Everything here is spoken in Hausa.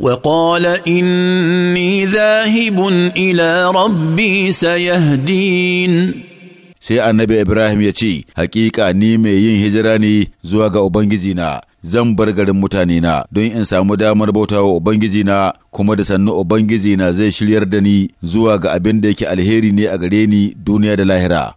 وقال إني ذاهب إلى ربي سيهدين sai annabi Ibrahim ya ce, Hakika ni mai yin hijira ne zuwa ga Ubangijina, zan bar garin mutanena don in samu damar bauta Ubangiji na, kuma da sannu Ubangiji na zai shiryar da ni zuwa ga abin da yake alheri ne a gare ni duniya da lahira.